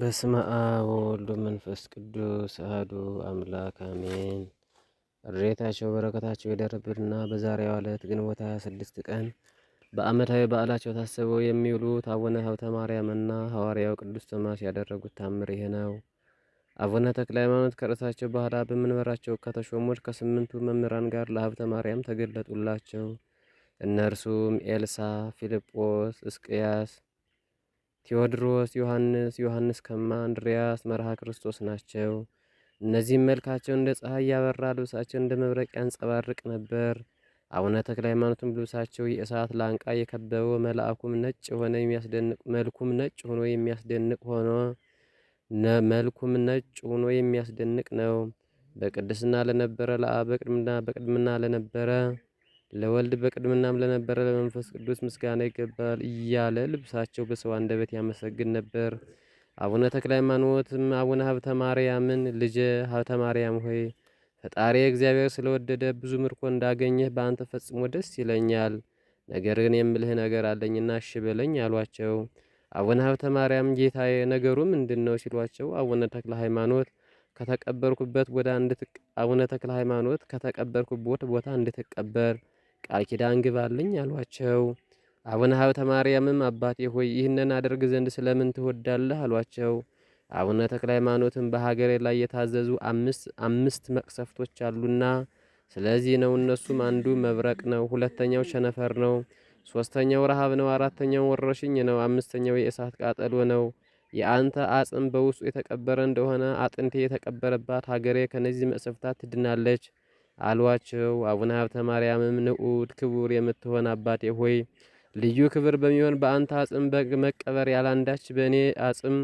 በስመ አብ ወወልድ መንፈስ ቅዱስ አህዱ አምላክ አሜን። እሬታቸው በረከታቸው የደረብንና በዛሬዋ ዕለት ግንቦት 26 ቀን በዓመታዊ በዓላቸው ታስበው የሚውሉት አቡነ ሐብተ ማርያምና ሐዋርያው ቅዱስ ቶማስ ያደረጉት ታምር ይህ ነው። አቡነ ተክለ ሃይማኖት ከርዕሳቸው በኋላ በመንበራቸው ከተሾሙት ከስምንቱ መምህራን ጋር ለሐብተ ማርያም ተገለጡላቸው። እነርሱም ኤልሳ፣ ፊልጶስ፣ እስቅያስ ቴዎድሮስ፣ ዮሐንስ፣ ዮሐንስ ከማ፣ አንድሪያስ መርሃ ክርስቶስ ናቸው። እነዚህም መልካቸው እንደ ፀሐይ ያበራ፣ ልብሳቸው እንደ መብረቅ ያንጸባርቅ ነበር። አቡነ ተክለ ሃይማኖትም ልብሳቸው የእሳት ላንቃ የከበበው መልአኩም ነጭ ሆነ የሚያስደንቅ መልኩም ነጭ ሆኖ የሚያስደንቅ ሆኖ መልኩም ነጭ ሆኖ የሚያስደንቅ ነው። በቅድስና ለነበረ ለአብ በቅድምና በቅድምና ለነበረ ለወልድ በቅድምናም ለነበረ ለመንፈስ ቅዱስ ምስጋና ይገባል እያለ ልብሳቸው በሰው አንደበት ያመሰግን ነበር። አቡነ ተክለ ሃይማኖትም አቡነ ሀብተ ማርያምን ልጄ ሀብተ ማርያም ሆይ ፈጣሪ እግዚአብሔር ስለወደደ ብዙ ምርኮ እንዳገኘህ በአንተ ፈጽሞ ደስ ይለኛል። ነገር ግን የምልህ ነገር አለኝና እሺ በለኝ አሏቸው። አቡነ ሀብተ ማርያም ጌታዬ ነገሩ ምንድን ነው ሲሏቸው አቡነ ተክለ ሃይማኖት ከተቀበርኩበት ቦታ አቡነ ተክለ ሃይማኖት ከተቀበርኩበት ቦታ እንድትቀበር ቃል ኪዳን ግባልኝ አሏቸው። አቡነ ሀብተ ማርያምም አባቴ ሆይ ይህንን አደርግ ዘንድ ስለምን ትወዳለህ አሏቸው። አቡነ ተክለ ሃይማኖትም በሀገሬ ላይ የታዘዙ አምስት መቅሰፍቶች አሉና ስለዚህ ነው። እነሱም አንዱ መብረቅ ነው፣ ሁለተኛው ቸነፈር ነው፣ ሶስተኛው ረሃብ ነው፣ አራተኛው ወረሽኝ ነው፣ አምስተኛው የእሳት ቃጠሎ ነው። የአንተ አጽም በውስጡ የተቀበረ እንደሆነ አጥንቴ የተቀበረባት ሀገሬ ከነዚህ መቅሰፍታት ትድናለች። አሏቸው። አቡነ ሀብተ ማርያምም ንዑድ ክቡር የምትሆን አባቴ ሆይ ልዩ ክብር በሚሆን በአንተ አጽም መቀበር ያላንዳች በእኔ አጽም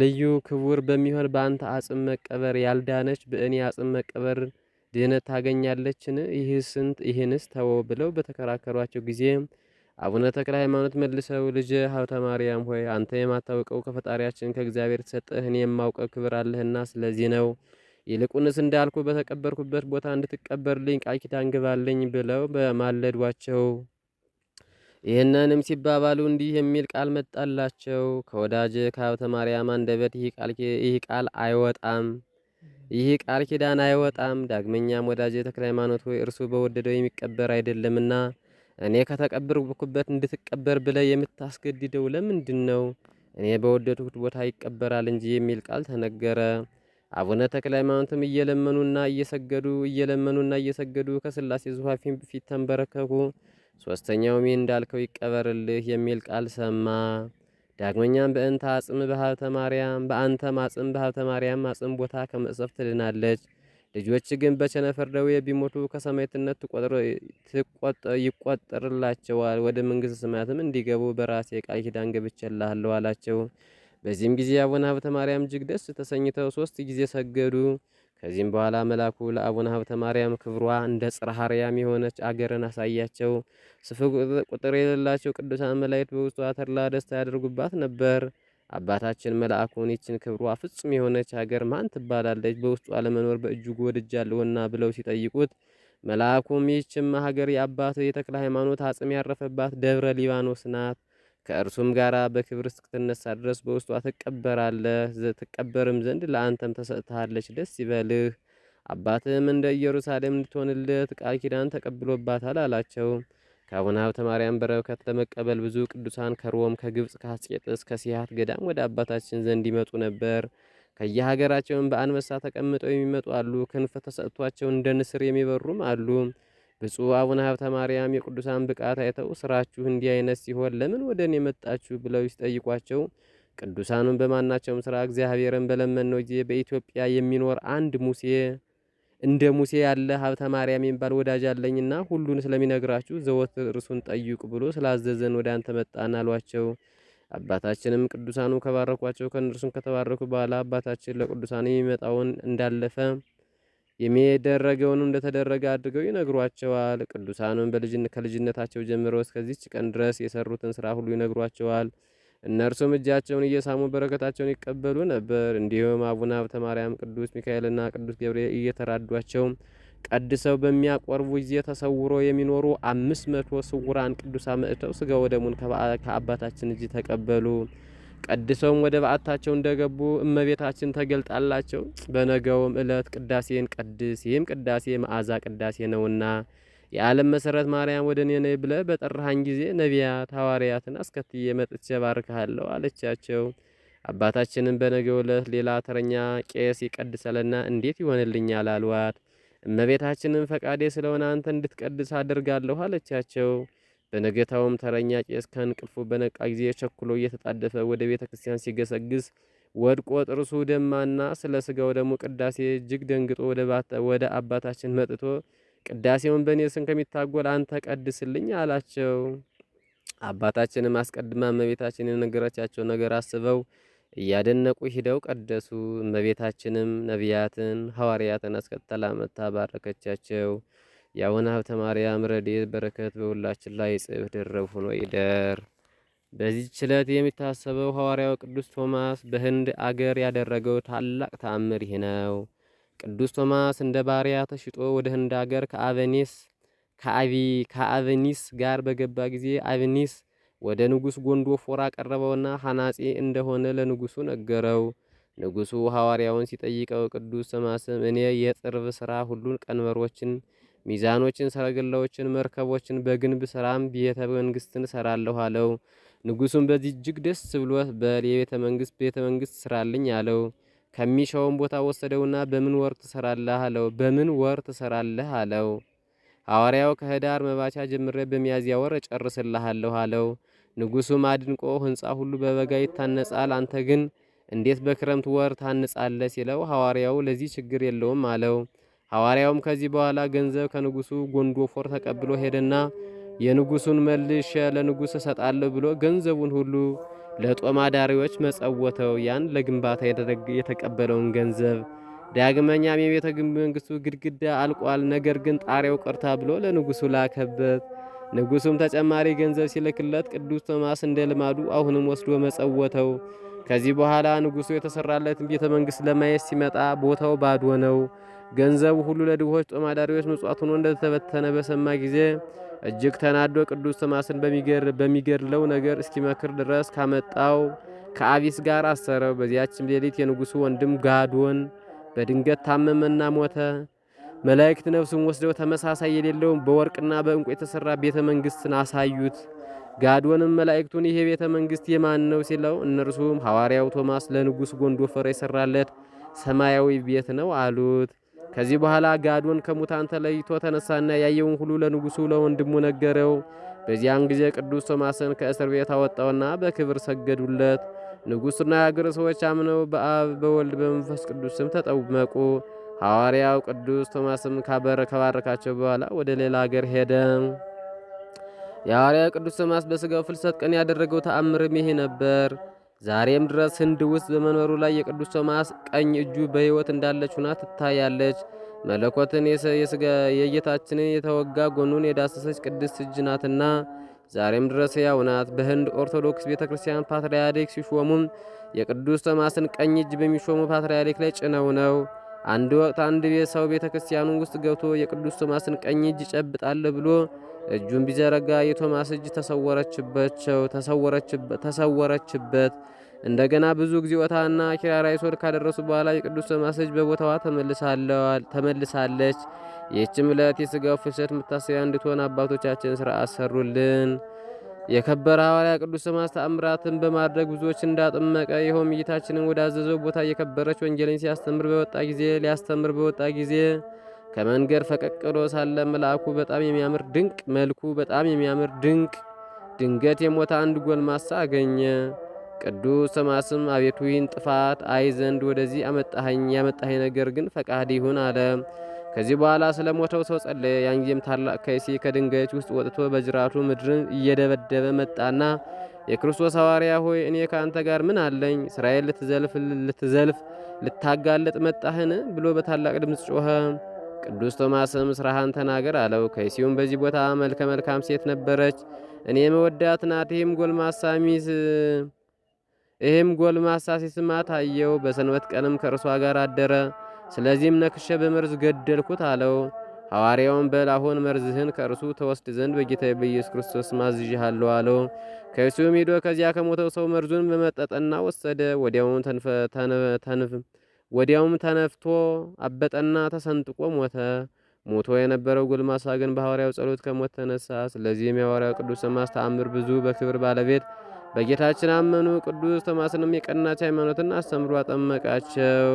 ልዩ ክቡር በሚሆን በአንተ አጽም መቀበር ያልዳነች በእኔ አጽም መቀበር ድህነት ታገኛለችን? ይህንስ ተወው ብለው በተከራከሯቸው ጊዜ አቡነ ተክለ ሃይማኖት መልሰው ልጄ ሀብተ ማርያም ሆይ አንተ የማታውቀው ከፈጣሪያችን ከእግዚአብሔር ተሰጠህ እኔ የማውቀው ክብር አለህና ስለዚህ ነው። ይልቁንስ እንዳልኩ በተቀበርኩበት ቦታ እንድትቀበርልኝ ቃል ኪዳን ግባልኝ ብለው በማለዷቸው ይህንንም ሲባባሉ እንዲህ የሚል ቃል መጣላቸው። ከወዳጅ ከሀብተ ማርያም አንደበት ይህ ቃል አይወጣም፣ ይህ ቃል ኪዳን አይወጣም። ዳግመኛም ወዳጅ ተክለ ሃይማኖት ሆይ እርሱ በወደደው የሚቀበር አይደለምና እኔ ከተቀበርኩበት እንድትቀበር ብለ የምታስገድደው ለምንድን ነው? እኔ በወደድኩት ቦታ ይቀበራል እንጂ የሚል ቃል ተነገረ። አቡነ ተክለ ሃይማኖትም እየለመኑና እየሰገዱ እየለመኑና እየሰገዱ ከስላሴ ዙፋን ፊት ተንበረከኩ። ሶስተኛውም እንዳልከው ይቀበርልህ የሚል ቃል ሰማ። ዳግመኛም በእንተ አጽም በሀብተ ማርያም በአንተም አጽም በሀብተ ማርያም አጽም ቦታ ከመቅሰፍት ትድናለች። ልጆች ግን በቸነፈር ደዌ ቢሞቱ ከሰማዕትነት ይቆጠርላቸዋል። ወደ መንግሥተ ሰማያትም እንዲገቡ በራሴ ቃል ኪዳን ገብቼልሃለሁ አላቸው። በዚህም ጊዜ አቡነ ሀብተ ማርያም እጅግ ደስ ተሰኝተው ሶስት ጊዜ ሰገዱ። ከዚህም በኋላ መልአኩ ለአቡነ ሀብተ ማርያም ክብሯ እንደ ጽርሐ አርያም የሆነች አገርን አሳያቸው። ስፍ ቁጥር የሌላቸው ቅዱሳን መላእክት በውስጧ ተድላ ደስታ ያደርጉባት ነበር። አባታችን መልአኩን ይችን ክብሯ ፍጹም የሆነች ሀገር ማን ትባላለች? በውስጧ ለመኖር በእጅጉ ወድጃለሁና ብለው ሲጠይቁት መልአኩም ይህችም ሀገር የአባት የተክለ ሃይማኖት አጽም ያረፈባት ደብረ ሊባኖስ ናት ከእርሱም ጋር በክብር እስክትነሳ ድረስ በውስጧ ትቀበራለህ ትቀበርም ዘንድ ለአንተም ተሰጥተሃለች። ደስ ይበልህ፣ አባትህም እንደ ኢየሩሳሌም እንድትሆንልህ ቃል ኪዳን ተቀብሎባታል አላቸው። ከአቡነ ሀብተ ማርያም በረከት ለመቀበል ብዙ ቅዱሳን ከሮም ከግብፅ፣ ከአስቄጥስ፣ ከሲያት ገዳም ወደ አባታችን ዘንድ ይመጡ ነበር። ከየሀገራቸውን በአንበሳ ተቀምጠው የሚመጡ አሉ። ክንፍ ተሰጥቷቸው እንደ ንስር የሚበሩም አሉ። ብፁዕ አቡነ ሀብተ ማርያም የቅዱሳን ብቃት አይተው ስራችሁ እንዲህ አይነት ሲሆን ለምን ወደ እኔ መጣችሁ ብለው ሲጠይቋቸው ቅዱሳኑን በማናቸውም ስራ እግዚአብሔርን በለመነው ጊዜ በኢትዮጵያ የሚኖር አንድ ሙሴ እንደ ሙሴ ያለ ሀብተ ማርያም የሚባል ወዳጅ አለኝና ሁሉን ስለሚነግራችሁ ዘወትር እርሱን ጠይቁ ብሎ ስላዘዘን ወደ አንተ መጣን አሏቸው። አባታችንም ቅዱሳኑ ከባረኳቸው ከእነርሱም ከተባረኩ በኋላ አባታችን ለቅዱሳን የሚመጣውን እንዳለፈ የሚደረገውንም እንደተደረገ አድርገው ይነግሯቸዋል። ቅዱሳኑን በልጅነት ከልጅነታቸው ጀምረው እስከዚች ቀን ድረስ የሰሩትን ስራ ሁሉ ይነግሯቸዋል። እነርሱም እጃቸውን እየሳሙ በረከታቸውን ይቀበሉ ነበር። እንዲሁም አቡነ ሀብተ ማርያም፣ ቅዱስ ሚካኤልና ቅዱስ ገብርኤል እየተራዷቸው ቀድሰው በሚያቆርቡ ጊዜ ተሰውሮ የሚኖሩ አምስት መቶ ስውራን ቅዱሳን መጥተው ስጋ ወደሙን ከአባታችን እጅ ተቀበሉ። ቀድሰውም ወደ በዓታቸው እንደገቡ እመቤታችን ተገልጣላቸው። በነገውም እለት ቅዳሴን ቀድስ፣ ይህም ቅዳሴ መዓዛ ቅዳሴ ነውና የዓለም መሰረት ማርያም ወደ እኔ ነይ ብለ በጠራሃኝ ጊዜ ነቢያት ሐዋርያትን አስከትዬ መጥቼ ባርክሃለሁ አለቻቸው። አባታችንም በነገው እለት ሌላ ተረኛ ቄስ ይቀድሰልና እንዴት ይሆንልኛል አልዋት። እመቤታችንም ፈቃዴ ስለሆነ አንተ እንድትቀድስ አድርጋለሁ አለቻቸው። በነገታውም ተረኛ ቄስ ከእንቅልፉ በነቃ ጊዜ ቸኩሎ እየተጣደፈ ወደ ቤተ ክርስቲያን ሲገሰግስ ወድቆ ጥርሱ ደማና ስለ ስጋው ደግሞ ቅዳሴ እጅግ ደንግጦ ወደ አባታችን መጥቶ ቅዳሴውን በእኔ ስም ከሚታጎል አንተ ቀድስልኝ አላቸው። አባታችንም አስቀድማ እመቤታችን የነገረቻቸው ነገር አስበው እያደነቁ ሂደው ቀደሱ። እመቤታችንም ነቢያትን ሐዋርያትን አስከተላ መታ ባረከቻቸው። የአቡነ ሀብተ ማርያም ረድኤት በረከት በሁላችን ላይ ጽፍ ድርብ ሆኖ ይደር። በዚህ ችለት የሚታሰበው ሐዋርያው ቅዱስ ቶማስ በህንድ አገር ያደረገው ታላቅ ተአምር ይህ ነው። ቅዱስ ቶማስ እንደ ባሪያ ተሽጦ ወደ ህንድ አገር ከአቬኒስ ከአቪ ከአቬኒስ ጋር በገባ ጊዜ አቬኒስ ወደ ንጉስ ጎንዶፎር አቀረበውና ሐናጺ እንደሆነ ለንጉሱ ነገረው። ንጉሱ ሐዋርያውን ሲጠይቀው ቅዱስ ቶማስም እኔ የጥርብ ስራ ሁሉን ቀንበሮችን ሚዛኖችን፣ ሰረገላዎችን፣ መርከቦችን በግንብ ስራም ቤተ መንግስትን እሰራለሁ አለው። ንጉሱም በዚህ እጅግ ደስ ብሎ በል የቤተ መንግስት ቤተ መንግስት ስራልኝ አለው። ከሚሻውን ቦታ ወሰደውና በምን ወር ትሰራለህ አለው። በምን ወር ትሰራለህ አለው። ሐዋርያው ከህዳር መባቻ ጀምሬ በሚያዝያ ወር እጨርስልሃለሁ አለው። ንጉሱም አድንቆ ህንፃ ሁሉ በበጋ ይታነጻል፣ አንተ ግን እንዴት በክረምት ወር ታንጻለህ ሲለው ሐዋርያው ለዚህ ችግር የለውም አለው። ሐዋርያውም ከዚህ በኋላ ገንዘብ ከንጉሱ ጎንዶፎር ተቀብሎ ሄደና የንጉሱን መልሼ ለንጉስ እሰጣለሁ ብሎ ገንዘቡን ሁሉ ለጦማ ዳሪዎች መጸወተው። ያን ለግንባታ የተቀበለውን ገንዘብ ዳግመኛም የቤተ መንግስቱ ግድግዳ አልቋል፣ ነገር ግን ጣሪያው ቀርታ ብሎ ለንጉሱ ላከበት። ንጉሱም ተጨማሪ ገንዘብ ሲልክለት ቅዱስ ቶማስ እንደ ልማዱ አሁንም ወስዶ መጸወተው። ከዚህ በኋላ ንጉሱ የተሰራለትን ቤተ መንግሥት ለማየት ሲመጣ ቦታው ባዶ ነው። ገንዘቡ ሁሉ ለድሆች ጦም አዳሪዎች ምጽዋት ሆኖ እንደተበተነ በሰማ ጊዜ እጅግ ተናዶ ቅዱስ ቶማስን በሚገድለው ነገር እስኪመክር ድረስ ካመጣው ከአቢስ ጋር አሰረው። በዚያችም ሌሊት የንጉሱ ወንድም ጋዶን በድንገት ታመመና ሞተ። መላእክት ነፍሱን ወስደው ተመሳሳይ የሌለውን በወርቅና በእንቁ የተሰራ ቤተ መንግስትን አሳዩት። ጋድወንም መላእክቱን ይሄ ቤተ መንግስት የማን ነው ሲለው እነርሱም ሐዋርያው ቶማስ ለንጉሥ ጎንዶፈር የሰራለት ሰማያዊ ቤት ነው አሉት። ከዚህ በኋላ ጋዶን ከሙታን ተለይቶ ተነሳና ያየውን ሁሉ ለንጉሱ ለወንድሙ ነገረው። በዚያን ጊዜ ቅዱስ ቶማስን ከእስር ቤት አወጣውና በክብር ሰገዱለት። ንጉሱና የአገር ሰዎች አምነው በአብ በወልድ በመንፈስ ቅዱስም ተጠመቁ። ሐዋርያው ቅዱስ ቶማስም ካበረ ከባረካቸው በኋላ ወደ ሌላ አገር ሄደ። የሐዋርያው ቅዱስ ቶማስ በሥጋው ፍልሰት ቀን ያደረገው ተአምርም ይሄ ነበር። ዛሬም ድረስ ህንድ ውስጥ በመኖሩ ላይ የቅዱስ ቶማስ ቀኝ እጁ በሕይወት እንዳለች ሁና ትታያለች። መለኮትን የጌታችንን የተወጋ ጎኑን የዳሰሰች ቅድስት እጅ ናትና ዛሬም ድረስ ያው ናት። በህንድ ኦርቶዶክስ ቤተ ክርስቲያን ፓትርያርክ ሲሾሙም የቅዱስ ቶማስን ቀኝ እጅ በሚሾሙ ፓትርያርክ ላይ ጭነው ነው። አንድ ወቅት አንድ ሰው ቤተ ክርስቲያኑ ውስጥ ገብቶ የቅዱስ ቶማስን ቀኝ እጅ ይጨብጣለሁ ብሎ እጁን ቢዘረጋ የቶማስ እጅ ተሰወረችበት። እንደገና ብዙ ኪራራይ ኪራራይሶን ካደረሱ በኋላ የቅዱስ ቶማስ በቦታዋ ተመልሳለች። ይህችም ዕለት የሥጋው ፍልሰት መታሰቢያ እንድትሆን አባቶቻችን ስራ አሰሩልን የከበረ ሐዋርያ ቅዱስ ቶማስ ተአምራትን በማድረግ ብዙዎች እንዳጠመቀ ይኸውም ጌታችንን ወዳዘዘው ቦታ እየከበረች ወንጌልን ሲያስተምር በወጣ ጊዜ ሊያስተምር በወጣ ጊዜ ከመንገድ ፈቀቅሎ ሳለ መልአኩ በጣም የሚያምር ድንቅ መልኩ በጣም የሚያምር ድንቅ ድንገት የሞተ አንድ ጎልማሳ አገኘ። ቅዱስ ቶማስም አቤቱ ይህን ጥፋት አይ ዘንድ ወደዚህ አመጣኸኝ፣ ያመጣኸኝ ነገር ግን ፈቃድ ይሁን አለ። ከዚህ በኋላ ስለ ሞተው ሰው ጸለየ። ያን ጊዜም ታላቅ ከይሲ ከድንጋዮች ውስጥ ወጥቶ በጅራቱ ምድርን እየደበደበ መጣና የክርስቶስ ሐዋርያ ሆይ እኔ ከአንተ ጋር ምን አለኝ? እስራኤል ልትዘልፍ ልትዘልፍ ልታጋለጥ መጣህን? ብሎ በታላቅ ድምፅ ጮኸ። ቅዱስ ቶማስም ስራህን ተናገር አለው። ከይሲውም በዚህ ቦታ መልከ መልካም ሴት ነበረች፣ እኔ መወዳት ናት። ይህም ጎልማሳ ሚስ ይህም ጎልማሳ ሲስማ ታየው። በሰንበት ቀንም ከእርሷ ጋር አደረ። ስለዚህም ነክሸ በመርዝ ገደልኩት አለው። ሐዋርያውን በላሆን መርዝህን ከእርሱ ተወስድ ዘንድ በጌታ በኢየሱስ ክርስቶስ ማዝዥሃለሁ አለው። ከሱም ሄዶ ከዚያ ከሞተው ሰው መርዙን በመጠጠና ወሰደ። ወዲያውም ተነፍቶ አበጠና ተሰንጥቆ ሞተ። ሞቶ የነበረው ጎልማሳ ግን በሐዋርያው ጸሎት ከሞት ተነሳ። ስለዚህም የሐዋርያው ቅዱስ ማስተአምር ብዙ በክብር ባለቤት በጌታችን አመኑ። ቅዱስ ቶማስንም የቀናች ሃይማኖትን አስተምሮ አጠመቃቸው።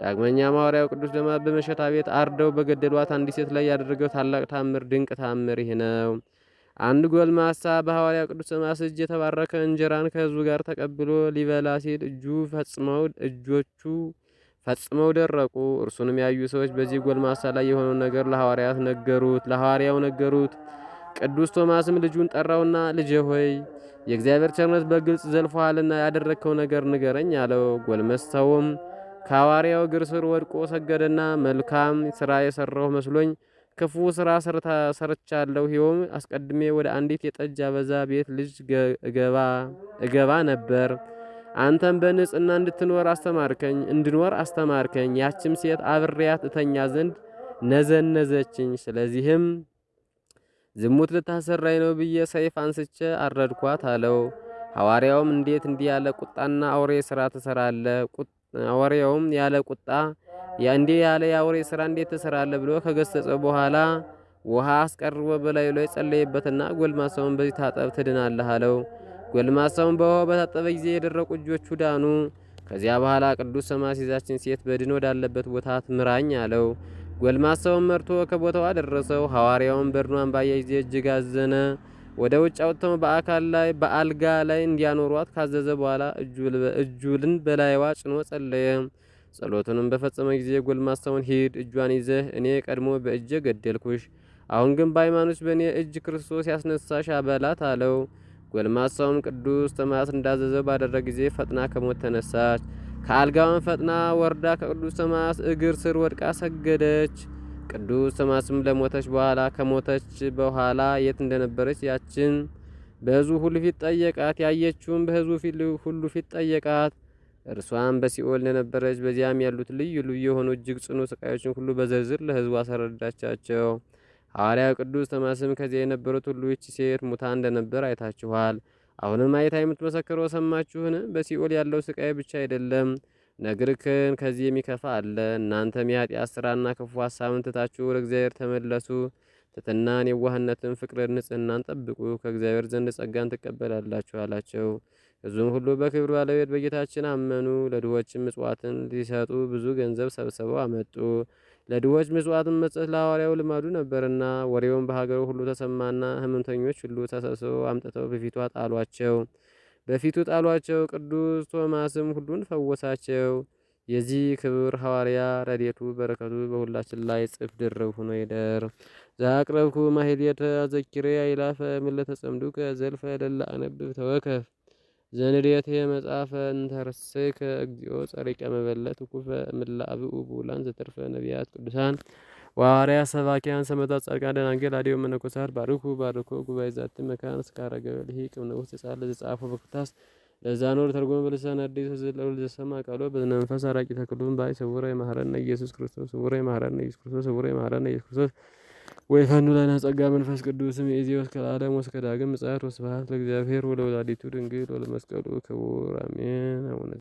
ዳግመኛ ሐዋርያው ቅዱስ ደማ በመሸታ ቤት አርደው በገደሏት አንዲት ሴት ላይ ያደረገው ታላቅ ታምር ድንቅ ታምር ይህ ነው። አንድ ጎልማሳ በሐዋርያው ቅዱስ ቶማስ እጅ የተባረከ እንጀራን ከህዝቡ ጋር ተቀብሎ ሊበላ ሲል እጁ ፈጽመው እጆቹ ፈጽመው ደረቁ። እርሱንም ያዩ ሰዎች በዚህ ጎልማሳ ላይ የሆነው ነገር ለሐዋርያት ነገሩት ለሐዋርያው ነገሩት። ቅዱስ ቶማስም ልጁን ጠራውና ልጄ ሆይ የእግዚአብሔር ቸርነት በግልጽ ዘልፎሃልና ያደረግከው ነገር ንገረኝ አለው። ጎልመስተውም ከሐዋርያው እግር ስር ወድቆ ሰገደና መልካም ስራ የሰራሁ መስሎኝ ክፉ ስራ ሰርቻለሁ። ይኸውም አስቀድሜ ወደ አንዲት የጠጅ አበዛ ቤት ልጅ እገባ ነበር። አንተም በንጽህና እንድትኖር አስተማርከኝ እንድኖር አስተማርከኝ። ያችም ሴት አብሬያት እተኛ ዘንድ ነዘነዘችኝ። ስለዚህም ዝሙት ልታሰራኝ ነው ብዬ ሰይፍ አንስቼ አረድኳት አለው። ሐዋርያውም እንዴት እንዲህ ያለ ቁጣና አውሬ ስራ ትሰራለህ? ሐዋርያውም ያለ ቁጣ እንዲህ ያለ የአውሬ ስራ እንዴት ተሰራለ ብሎ ከገሰጸ በኋላ ውሃ አስቀርቦ በላዩ ላይ ጸለየበትና ጎልማሳውን በዚህ ታጠብ ትድናለህ አለው። ጎልማሳውን በውሃው በታጠበ ጊዜ የደረቁ እጆቹ ዳኑ። ከዚያ በኋላ ቅዱስ ሰማዕት ይዛችን ሴት በድን ወዳለበት ቦታ ትምራኝ አለው። ጎልማሳውን መርቶ ከቦታው አደረሰው። ሐዋርያውን በድኗን ባየ ጊዜ እጅግ አዘነ። ወደ ውጭ አውጥተው በአካል ላይ በአልጋ ላይ እንዲያኖሯት ካዘዘ በኋላ እጁልን በላይዋ ጭኖ ጸለየ። ጸሎቱንም በፈጸመ ጊዜ ጎልማሳውን ሂድ፣ እጇን ይዘህ እኔ ቀድሞ በእጄ ገደልኩሽ፣ አሁን ግን በሃይማኖት በእኔ እጅ ክርስቶስ ያስነሳሽ አበላት አለው። ጎልማሳውም ቅዱስ ተማት እንዳዘዘ ባደረገ ጊዜ ፈጥና ከሞት ተነሳች። ከአልጋውን ፈጥና ወርዳ ከቅዱስ ቶማስ እግር ስር ወድቃ ሰገደች። ቅዱስ ቶማስም ለሞተች በኋላ ከሞተች በኋላ የት እንደነበረች ያችን በዙ ሁሉ ፊት ጠየቃት። ያየችውም በሕዝቡ ሁሉ ፊት ጠየቃት። እርሷም በሲኦል እንደነበረች በዚያም ያሉት ልዩ ልዩ የሆኑ እጅግ ጽኑ ስቃዮችን ሁሉ በዝርዝር ለህዝቡ አስረዳቻቸው። ሐዋርያው ቅዱስ ቶማስም ከዚያ የነበሩት ሁሉ ይቺ ሴት ሙታ እንደነበር አይታችኋል አሁንም አይታ የምትመሰክረው ሰማችሁን? በሲኦል ያለው ስቃይ ብቻ አይደለም፣ ነገር ግን ከዚህ የሚከፋ አለ። እናንተም የኃጢአት ስራና ክፉ ሀሳብን ትታችሁ ወደ እግዚአብሔር ተመለሱ። ትትናን የዋህነትን፣ ፍቅርን፣ ንጽህናን ጠብቁ፣ ከእግዚአብሔር ዘንድ ጸጋን ትቀበላላችሁ አላቸው። ሕዝቡም ሁሉ በክብሩ ባለቤት በጌታችን አመኑ። ለድሆችም ምጽዋትን ሊሰጡ ብዙ ገንዘብ ሰብስበው አመጡ። ለድሆች ምጽዋትን መስጠት ለሐዋርያው ልማዱ ነበርና ወሬውን በሀገሩ ሁሉ ተሰማና ህምንተኞች ሁሉ ተሰብስበው አምጥተው በፊቱ ጣሏቸው። በፊቱ ጣሏቸው። ቅዱስ ቶማስም ሁሉን ፈወሳቸው። የዚህ ክብር ሐዋርያ ረዴቱ በረከቱ በሁላችን ላይ ጽፍ ድርብ ሆኖ ይደር። ዛቅረብኩ ማሕሌተ አዘኪሬ አይላፈ ምለተጸምዱከ ዘልፈ ለላ አነብብ ተወከፍ ዘንዴቴ መጽሐፈ እንተርስከ እግዚኦ ጸሪቀ መበለት ኩፈ ምላብኡ ብኡላን ዘትርፈ ነቢያት ቅዱሳን ዋርያ ሰባኪያን ሰመታት ጻድቃን ደናንገል አዲዮ መነኮሳት ባርኩ ባርኩ ጉባኤ ዛቲ መካን እስካረገ ልሂቅ ንዑስ ጻለ ዘጻፎ በክታስ ለዛ ኖር ተርጎመ በልሳን አዲስ ህዝብ ዘሰማ ቃሎ በመንፈስ አራቂ ተክሉን ባይ ስውረ የማህረነ ኢየሱስ ክርስቶስ ስውረ የማህረነ ኢየሱስ ክርስቶስ ስውረ የማህረነ ኢየሱስ ክርስቶስ ወይፈኑ ለነ ጸጋ መንፈስ ቅዱስም እዚህ እስከ ለዓለም እስከ ዳግም ምጽአት ወስብሐት ለእግዚአብሔር ወለወላዲቱ ድንግል ወለመስቀሉ ክቡር አሜን። አቡነ